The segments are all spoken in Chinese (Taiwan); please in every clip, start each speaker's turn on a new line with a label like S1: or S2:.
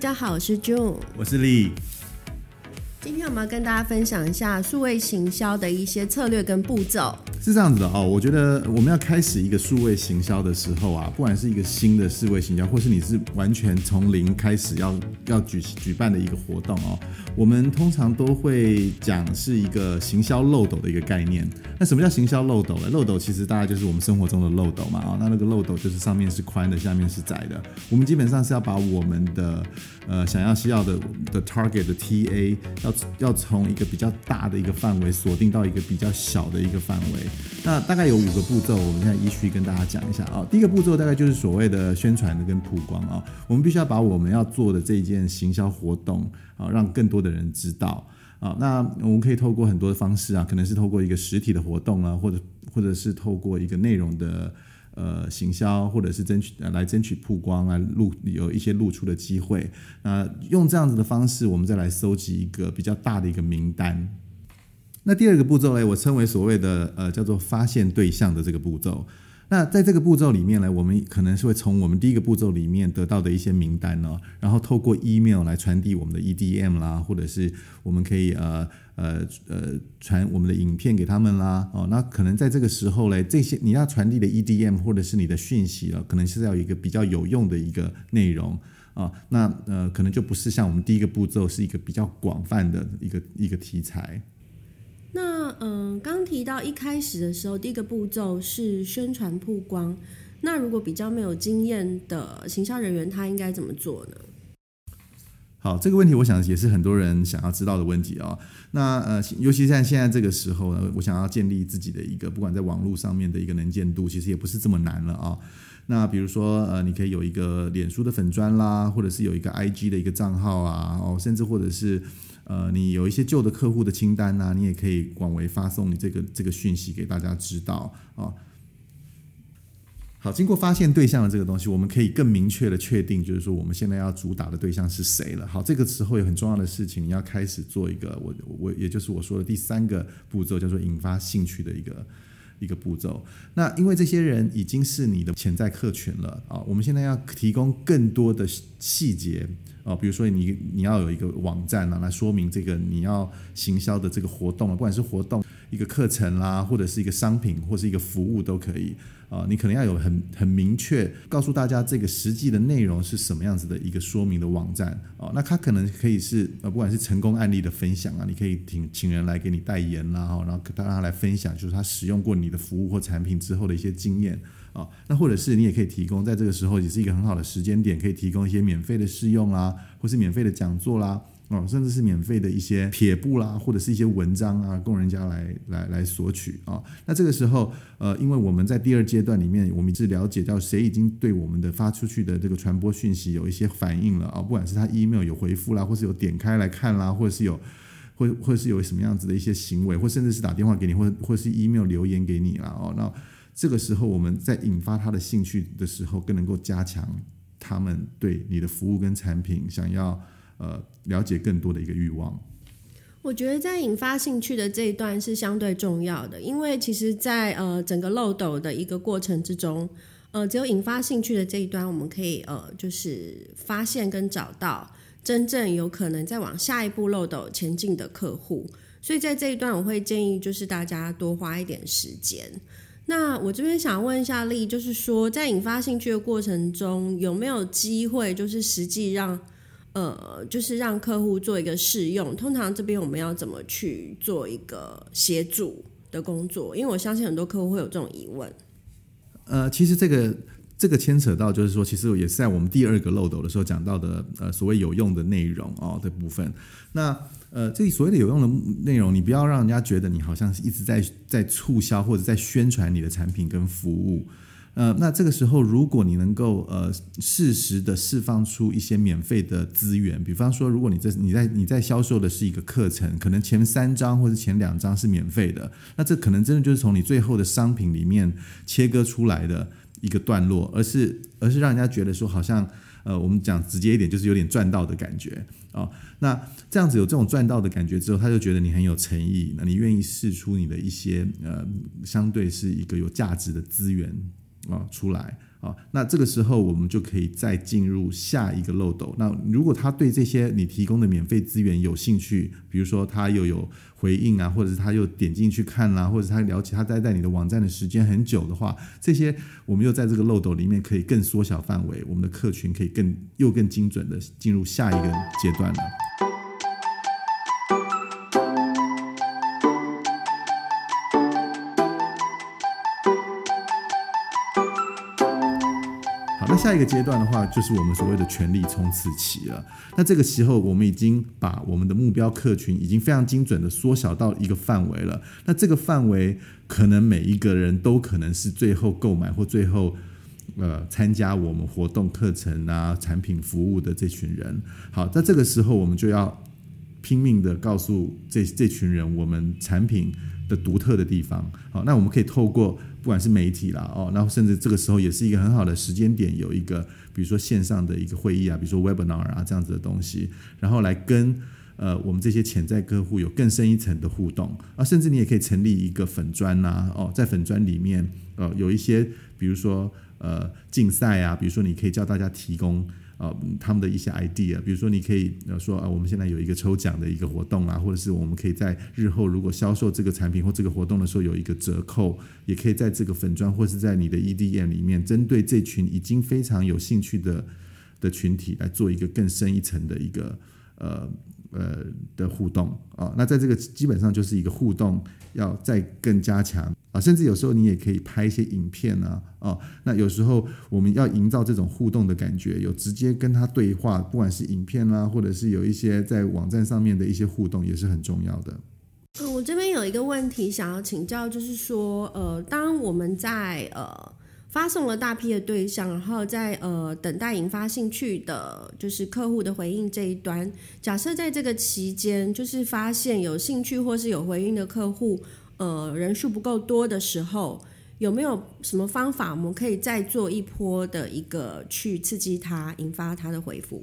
S1: 大家好，我是 June，
S2: 我是 Lee。
S1: 今天我們要跟大家分享一下數位行銷的一些策略跟步驟。
S2: 是這樣子的哦，我覺得我們要開始一個數位行銷的時候啊，不管是一個新的數位行銷，或是你是完全從零開始要要舉舉辦的一個活動哦，我們通常都會講是一個行銷漏斗的一個概念。那什麼叫行銷漏斗呢？漏斗其實大概就是我們生活中的漏斗嘛啊，那那個漏斗就是上面是寬的，下面是窄的。我們基本上是要把我們的呃想要需要的的 target 的 TA 要要從一個比較大的一個範圍鎖定到一個比較小的一個範圍。那大概有五個步驟，我們現在依序跟大家講一下啊。第一個步驟大概就是所謂的宣傳跟曝光啊，我們必須要把我們要做的這一件行銷活動啊，讓更多的人知道啊。那我們可以透過很多的方式啊，可能是透過一個實體的活動啊，或者或者是透過一個內容的呃行銷，或者是爭取來爭取曝光啊，露有一些露出的機會啊。那用這樣子的方式，我們再來蒐集一個比較大的一個名單。那第二個步驟嘞，我稱為所謂的呃叫做發現對象的這個步驟。那在這個步驟裡面呢，我們可能是會從我們第一個步驟裡面得到的一些名單哦，然後透過 email 來傳遞我們的 EDM 啦，或者是我們可以呃呃呃傳我們的影片給他們啦。哦，那可能在這個時候嘞，這些你要傳遞的 EDM 或者是你的訊息呢，可能是要一個比較有用的一個內容啊。哦。那呃，可能就不是像我們第一個步驟是一個比較廣泛的一個一個題材。
S1: 嗯，剛提到一開始的時候，第一個步驟是宣傳曝光。那如果比較沒有經驗的行銷人員，他應該怎麼做呢？
S2: 好，這個問題我想也是很多人想要知道的問題啊、哦。那呃，尤其在現在這個時候呢、嗯，我想要建立自己的一個，不管在網絡上面的一個能見度，其實也不是這麼難了啊、哦。那比如說，呃，你可以有一個臉書的粉專啦，或者是有一個 IG 的一個賬號啊，哦，甚至或者是，呃，你有一些舊的客戶的清單吶、啊，你也可以廣為發送你這個這個訊息給大家知道啊、哦。好，經過發現對象的這個東西，我們可以更明確的確定，就是說我們現在要主打的對象是誰了。好，這個時候有很重要的事情，你要開始做一個，我我也就是我說的第三個步驟，叫做引發興趣的一個。一個步驟，那因為這些人已經是你的潛在客群了啊，我們現在要提供更多的細節啊，比如說你你要有一個網站拿、啊、來說明這個你要行銷的這個活動啊，不管是活動。一個課程啦，或者是一個商品，或是一個服務都可以啊。你可能要有很很明確告訴大家這個實際的內容是什麼樣子的一個說明的網站啊。那它可能可以是呃、啊，不管是成功案例的分享啊，你可以請請人來給你代言啦、啊啊，然後他讓他來分享，就是他使用過你的服務或產品之後的一些經驗啊。那或者是你也可以提供，在這個時候也是一個很好的時間點，可以提供一些免費的試用啦、啊，或是免費的講座啦、啊。哦，甚至是免費的一些撇步啦，或者是一些文章啊，供人家來來來索取啊、哦。那這個時候，呃，因為我們在第二階段裡面，我們是了解到誰已經對我們的發出去的這個傳播訊息有一些反應了啊、哦，不管是他 email 有回復啦，或是有點開來看啦，或者是有，或或是有什麼樣子的一些行為，或甚至是打電話給你，或，或者或是 email 留言給你啦。哦。那這個時候，我們在引發他的興趣的時候，更能夠加強他們對你的服務跟產品想要。呃，了解更多的一個欲望，
S1: 我覺得在引發興趣的這一段是相對重要的，因為其實在，在呃整個漏斗的一個過程之中，呃，只有引發興趣的這一端，我們可以呃就是發現跟找到真正有可能再往下一步漏斗前進的客戶，所以在這一段，我會建議就是大家多花一點時間。那我這邊想問一下麗，就是說在引發興趣的過程中，有沒有機會就是實際讓？呃、嗯，就是讓客戶做一個試用，通常這邊我們要怎麼去做一個協助的工作？因為我相信很多客戶會有這種疑問。
S2: 呃，其實這個這個牽扯到就是說，其實也是在我們第二個漏斗的時候講到的，呃，所謂有用的內容哦這部分。那呃，這裡所謂的有用的內容，你不要讓人家覺得你好像是一直在在促銷或者在宣傳你的產品跟服務。呃，那這個時候，如果你能夠呃適時的釋放出一些免費的資源，比方說，如果你在你在你在銷售的是一個課程，可能前三章或者前兩章是免費的，那這可能真的就是從你最後的商品裡面切割出來的一個段落，而是而是讓人家覺得說，好像呃，我們講直接一點，就是有點賺到的感覺啊、哦。那這樣子有這種賺到的感覺之後，他就覺得你很有誠意，那你願意釋出你的一些呃相對是一個有價值的資源，啊，出來啊！那這個時候我們就可以再進入下一個漏斗。那如果他對這些你提供的免費資源有興趣，比如說他又有回應啊，或者是他又點進去看啦、啊，或者是他了解他待在你的網站的時間很久的話，這些我們又在這個漏斗裡面可以更縮小範圍，我們的客群可以更又更精準的進入下一個階段了。下一個階段的話，就是我們所謂的全力衝刺期了。那這個時候，我們已經把我們的目標客群已經非常精準地縮小到一個範圍了。那這個範圍，可能每一個人都可能是最後購買或最後，呃，參加我們活動課程啊、產品服務的這群人。好，在這個時候，我們就要。拼命的告訴這這群人我們產品的獨特的地方。好，那我們可以透過不管是媒體啦，哦，然後甚至這個時候也是一個很好的時間點，有一個比如說線上的一個會議啊，比如說 webinar 啊這樣子的東西，然後來跟呃我們這些潛在客戶有更深一層的互動啊，甚至你也可以成立一個粉專吶、啊、哦，在粉專裡面呃有一些比如說呃競賽啊，比如說你可以叫大家提供。啊，他們的一些 idea，比如說，你可以說啊，我們現在有一個抽獎的一個活動啊，或者是我們可以在日後如果銷售這個產品或這個活動的時候有一個折扣，也可以在這個粉專或是在你的 EDM 裡面，針對這群已經非常有興趣的的群體來做一個更深一層的一個呃。呃的互動啊、哦，那在這個基本上就是一個互動，要再更加強啊，甚至有時候你也可以拍一些影片呢啊、哦，那有時候我們要營造這種互動的感覺，有直接跟他對話，不管是影片啦、啊，或者是有一些在網站上面的一些互動，也是很重要的、
S1: 呃。我這邊有一個問題想要請教，就是說，呃，當我們在呃。發送了大批的對象，然後再呃等待引發興趣的就是客戶的回應這一端。假設在這個期間，就是發現有興趣或是有回應的客戶，呃人數不夠多的時候，有沒有什麼方法我們可以再做一波的一個去刺激他，引發他的回復？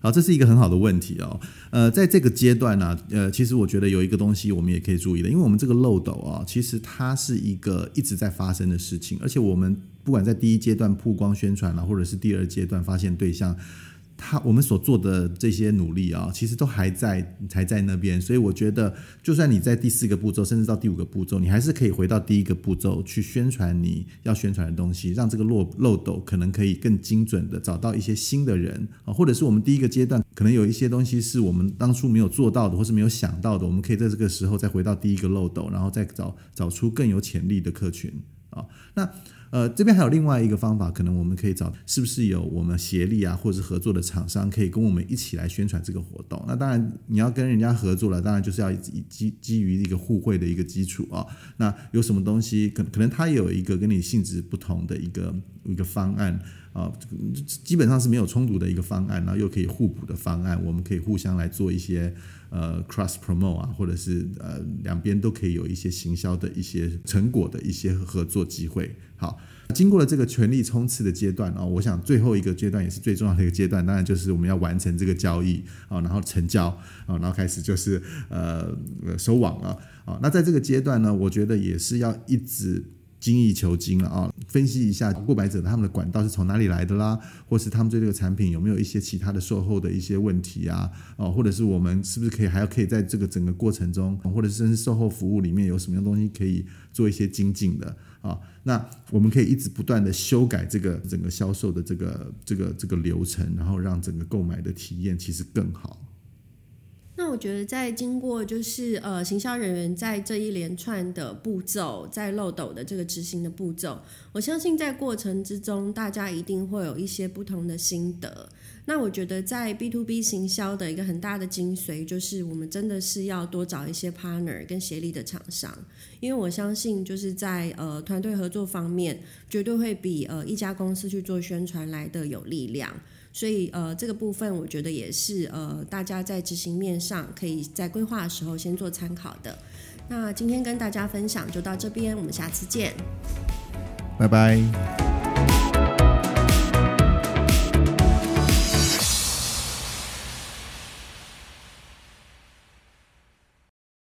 S2: 好，這是一個很好的問題哦。呃，在這個階段呢，呃，其實我覺得有一個東西我們也可以注意的，因為我們這個漏斗啊，其實它是一個一直在發生的事情，而且我們不管在第一階段曝光宣傳啊，或者是第二階段發現對象。他我們所做的這些努力啊、哦，其實都還在，還在那邊。所以我覺得，就算你在第四個步驟，甚至到第五個步驟，你還是可以回到第一個步驟去宣傳你要宣傳的東西，讓這個漏漏斗可能可以更精準地找到一些新的人啊、哦，或者是我們第一個階段可能有一些東西是我們當初沒有做到的，或是沒有想到的，我們可以在這個時候再回到第一個漏斗，然後再找找出更有潛力的客群啊、哦。那。呃，這邊還有另外一個方法，可能我們可以找是不是有我們協力啊，或者是合作的廠商，可以跟我們一起來宣傳這個活動。那當然，你要跟人家合作了，當然就是要基基於一個互惠的一個基礎啊、哦。那有什麼東西，可可能他有一個跟你性質不同的一個一個方案。啊，基本上是沒有衝突的一個方案，然後又可以互補的方案，我們可以互相來做一些呃 cross promote 啊，或者是呃兩邊都可以有一些行銷的一些成果的一些合作機會。好，經過了這個全力衝刺的階段啊，我想最後一個階段也是最重要的一個階段，當然就是我們要完成這個交易啊，然後成交啊，然後開始就是呃收網了啊。那在這個階段呢，我覺得也是要一直。精益求精了啊，哦，分析一下購買者他們的管道是從哪裡來的啦，或是他們對這個產品有沒有一些其他的售後的一些問題啊？哦，或者是我們是不是可以還要可以在這個整個過程中，或者是售後服務裡面有什麼樣東西可以做一些精進的啊，哦，那我們可以一直不斷的修改這個整個銷售的這個這個這個流程，然後讓整個購買的體驗其實更好。
S1: 那我覺得在經過就是呃行銷人員在這一連串的步驟，在漏斗的這個執行的步驟，我相信在過程之中，大家一定會有一些不同的心得。那我覺得在 B to B 行銷的一個很大的精髓，就是我們真的是要多找一些 partner 跟協力的廠商，因為我相信就是在呃團隊合作方面，絕對會比呃一家公司去做宣傳來的有力量。所以，呃，這個部分我覺得也是，呃，大家在執行面上可以在規劃的時候先做參考的。那今天跟大家分享就到這邊，我們下次見，
S2: 拜拜。